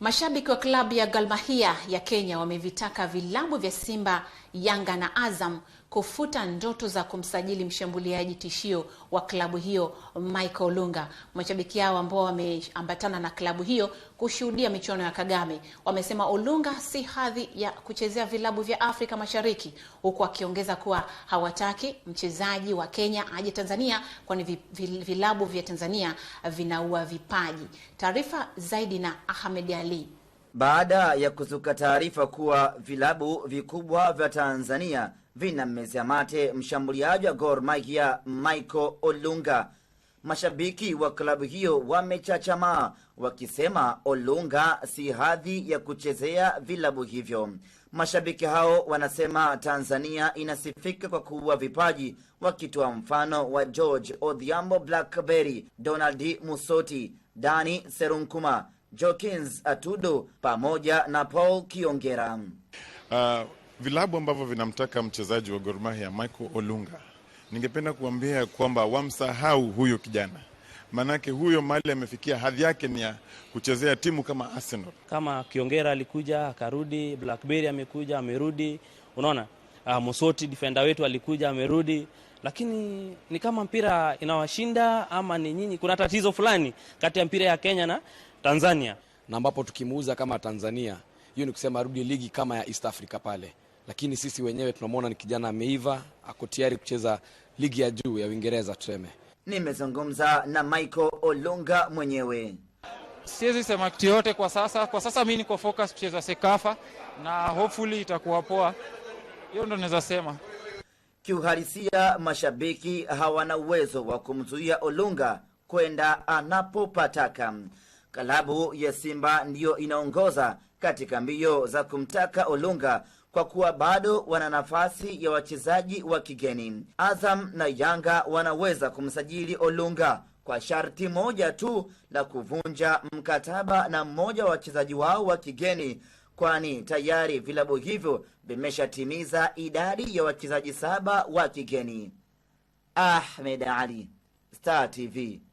Mashabiki wa klabu ya Gor Mahia ya Kenya wamevitaka vilabu vya Simba, Yanga na Azam kufuta ndoto za kumsajili mshambuliaji tishio wa klabu hiyo Michael Olunga. Mashabiki hao ambao wameambatana na klabu hiyo kushuhudia michuano ya Kagame wamesema Olunga si hadhi ya kuchezea vilabu vya Afrika Mashariki, huku akiongeza kuwa hawataki mchezaji wa Kenya aje Tanzania, kwani vilabu vya Tanzania vinaua vipaji. Taarifa zaidi na Ahmed Ali. Baada ya kuzuka taarifa kuwa vilabu vikubwa vya Tanzania vinammezea mate mshambuliaji wa Gor Mahia Michael Olunga. Mashabiki wa klabu hiyo wamechachamaa wakisema Olunga si hadhi ya kuchezea vilabu hivyo. Mashabiki hao wanasema Tanzania inasifika kwa kuua vipaji, wakitoa mfano wa George Odhiambo Blackberry, Donald Musoti, Dani Serunkuma, Jokins Atudo pamoja na Paul Kiongera. Uh, Vilabu ambavyo vinamtaka mchezaji wa gormahi ya Michael Olunga, ningependa kuambia kwamba wamsahau huyo kijana, maanake huyo mali amefikia, hadhi yake ni ya kuchezea timu kama Arsenal. Kama Kiongera alikuja akarudi, Blackberry amekuja amerudi, unaona uh, Mosoti difenda wetu alikuja amerudi, lakini ni kama mpira inawashinda ama ni nyinyi, kuna tatizo fulani kati ya mpira ya Kenya na Tanzania, na ambapo tukimuuza kama Tanzania, hiyo ni kusema arudi ligi kama ya East Africa pale lakini sisi wenyewe tunamwona ni kijana ameiva, ako tayari kucheza ligi ya juu ya Uingereza. Tuseme nimezungumza na Michael Olunga mwenyewe. Siwezi sema kitu yote kwa sasa. Kwa sasa mi niko focus kucheza Sekafa na hopefully itakuwa poa. Hiyo ndo naweza sema. Kiuhalisia, mashabiki hawana uwezo wa kumzuia Olunga kwenda anapopataka. Klabu ya Simba ndiyo inaongoza katika mbio za kumtaka Olunga kwa kuwa bado wana nafasi ya wachezaji wa kigeni. Azam na Yanga wanaweza kumsajili Olunga kwa sharti moja tu la kuvunja mkataba na mmoja wa wachezaji wao wa kigeni, kwani tayari vilabu hivyo vimeshatimiza idadi ya wachezaji saba wa kigeni. Ahmed Ali, Star TV.